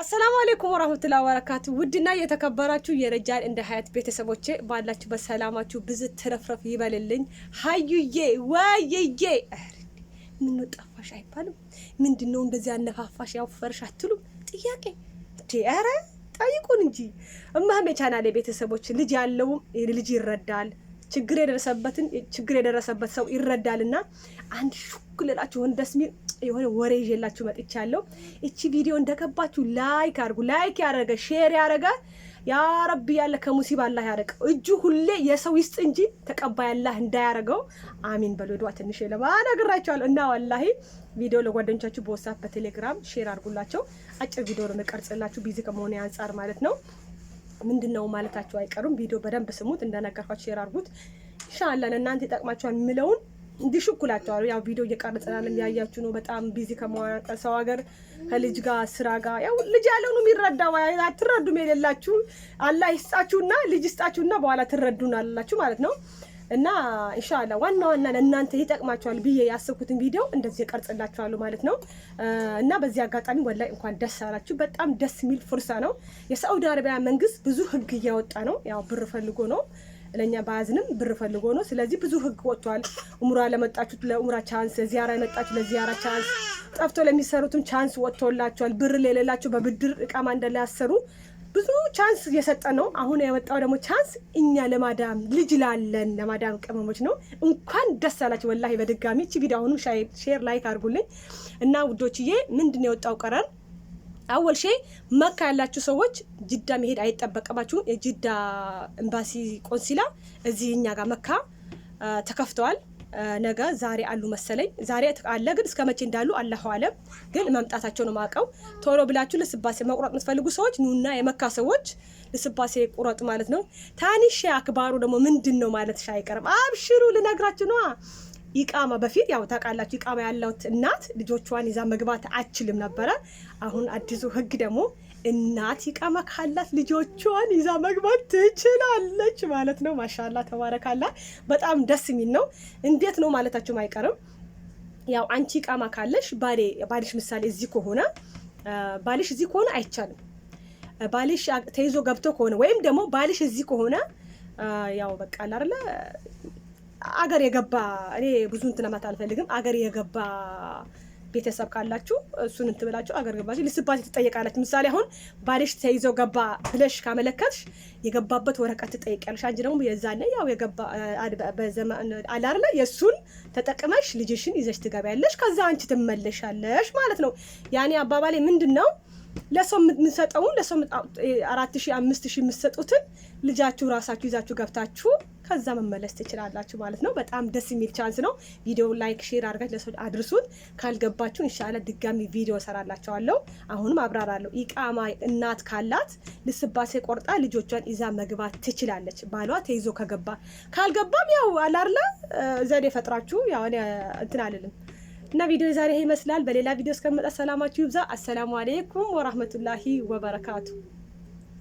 አሰላሙ አሌይኩም ወራህመቱላሂ ወበረካቱ። ውድና የተከበራችሁ የረጃል እንደ ሀያት ቤተሰቦቼ ባላችሁ በሰላማችሁ ብዙ ትረፍረፍ ይበልልኝ። ሀዩዬ ወይዬ ምን ነው ጠፋሽ አይባልም። ምንድን ነው እንደዚህ አነፋፋሽ ያወፈርሽ አትሉም? ጥያቄ ኧረ ጠይቁን እንጂ እማህም የቻናሌ ቤተሰቦች ልጅ ያለውም ልጅ ይረዳል። ችግር የደረሰበትን ችግር የደረሰበት ሰው ይረዳልና አንድ ልላችሁ ሆን ደስ የሚል የሆነ ወሬ ይዤላችሁ መጥቻለሁ። እቺ ቪዲዮ እንደገባችሁ ላይክ አድርጉ። ላይክ ያደረገ ሼር ያደረገ ያ ረቢ ያለ ከሙሲባ አላህ ያደረገው እጁ ሁሌ የሰው ይስጥ እንጂ ተቀባይ አላህ እንዳያደረገው አሚን በሉ። በሎዷ ትንሽ ለማነግራችኋለሁ። እና ወላሂ ቪዲዮ ለጓደኞቻችሁ በወሳት በቴሌግራም ሼር አድርጉላቸው። አጭር ቪዲዮ ነው የምቀርጽላችሁ ቢዚ ከመሆነ አንጻር ማለት ነው። ምንድን ነው ማለታቸው አይቀሩም። ቪዲዮ በደንብ ስሙት፣ እንደነገርኳችሁ ሼር አድርጉት። ኢንሻአላህ ለእናንተ ይጠቅማችኋል የምለውን እንዲሹኩላቸዋሉ ያው ቪዲዮ እየቀረጸናል እያያችሁ ነው። በጣም ቢዚ ከመዋቀ ሰው ሀገር ከልጅ ጋር ስራ ጋር ያው ልጅ ያለውን የሚረዳ አትረዱም። የሌላችሁ አላህ ይስጣችሁና ልጅ ይስጣችሁና በኋላ ትረዱናላችሁ ማለት ነው። እና ኢንሻአላ ዋና ዋና ለእናንተ ይጠቅማችኋል ብዬ ያሰብኩትን ቪዲዮ እንደዚህ እቀርጽላችኋለሁ ማለት ነው። እና በዚህ አጋጣሚ ወላሂ እንኳን ደስ አላችሁ። በጣም ደስ የሚል ፍርሳ ነው። የሳዑዲ አረቢያ መንግስት ብዙ ህግ እያወጣ ነው። ያው ብር ፈልጎ ነው ለእኛ በአዝንም ብር ፈልጎ ነው። ስለዚህ ብዙ ህግ ወጥቷል። ኡምራ ለመጣችሁት ለኡምራ ቻንስ፣ ዚያራ የመጣችሁ ለዚያራ ቻንስ፣ ጠፍቶ ለሚሰሩትም ቻንስ ወጥቶላቸዋል። ብር የሌላቸው በብድር እቃማ እንዳላያሰሩ ብዙ ቻንስ እየሰጠ ነው። አሁን የመጣው ደግሞ ቻንስ እኛ ለማዳም ልጅ ላለን ለማዳም ቅመሞች ነው። እንኳን ደስ አላችሁ ወላሂ። በድጋሚ እቺ ቪዲዮ አሁንም ሼር ላይክ አድርጉልኝ እና ውዶችዬ ምንድን የወጣው ቀረር አወል ሼ መካ ያላችሁ ሰዎች ጅዳ መሄድ አይጠበቅባችሁም። የጅዳ ኤምባሲ ቆንሲላ እዚህ እኛ ጋር መካ ተከፍተዋል። ነገ ዛሬ አሉ መሰለኝ፣ ዛሬ አለ ግን እስከ መቼ እንዳሉ አላሁ አለም። ግን መምጣታቸው ነው ማቀው። ቶሎ ብላችሁ ልስባሴ መቁረጥ የምትፈልጉ ሰዎች ኑና፣ የመካ ሰዎች ልስባሴ ቁረጥ ማለት ነው። ታኒሽ አክባሩ ደግሞ ምንድን ነው ማለት ሻይቀርም አይቀርም። አብሽሩ ልነግራችሁ ነዋ ኢቃማ በፊት ያው ታውቃላችሁ፣ ኢቃማ ያላት እናት ልጆቿን ይዛ መግባት አችልም ነበረ። አሁን አዲሱ ህግ ደግሞ እናት ኢቃማ ካላት ልጆቿን ይዛ መግባት ትችላለች ማለት ነው። ማሻላ ተባረካላ። በጣም ደስ የሚል ነው። እንዴት ነው ማለታችሁም አይቀርም። ያው አንቺ ኢቃማ ካለሽ ባሌ ባልሽ ምሳሌ እዚህ ከሆነ ባልሽ እዚህ ከሆነ አይቻልም። ባልሽ ተይዞ ገብቶ ከሆነ ወይም ደግሞ ባልሽ እዚህ ከሆነ ያው በቃ አላርለ አገር የገባ እኔ ብዙ እንትን ማለት አልፈልግም። አገር የገባ ቤተሰብ ካላችሁ እሱን እንትን ብላችሁ አገር ገባችሁ ልስባሴ ትጠየቃላችሁ። ምሳሌ አሁን ባልሽ ተይዞ ገባ ብለሽ ካመለከትሽ የገባበት ወረቀት ትጠይቂያለሽ። አንቺ ደግሞ የዛነ ያው የገባ በዘመን አላርለ የእሱን ተጠቅመሽ ልጅሽን ይዘሽ ትገቢያለሽ። ከዛ አንቺ ትመለሻለሽ ማለት ነው። ያኔ አባባሌ ምንድን ነው? ለሰው የምንሰጠውን ለሰው አራት ሺህ አምስት ሺህ የምትሰጡትን ልጃችሁ ራሳችሁ ይዛችሁ ገብታችሁ ከዛ መመለስ ትችላላችሁ ማለት ነው። በጣም ደስ የሚል ቻንስ ነው። ቪዲዮ ላይክ፣ ሼር አድርጋችሁ ለሰው አድርሱት። ካልገባችሁ ኢንሻአላ ድጋሚ ቪዲዮ ሰራላችኋለሁ። አሁንም አብራራለሁ። ኢቃማ እናት ካላት ልስባሴ ቆርጣ ልጆቿን ይዛ መግባት ትችላለች፣ ባሏ ተይዞ ከገባ። ካልገባም ያው አላርላ ዘዴ ፈጥራችሁ ያው እንትን አልልም እና ቪዲዮ የዛሬ ይመስላል። በሌላ ቪዲዮ እስከምመጣ ሰላማችሁ ይብዛ። አሰላሙ አሌይኩም ወራህመቱላሂ ወበረካቱ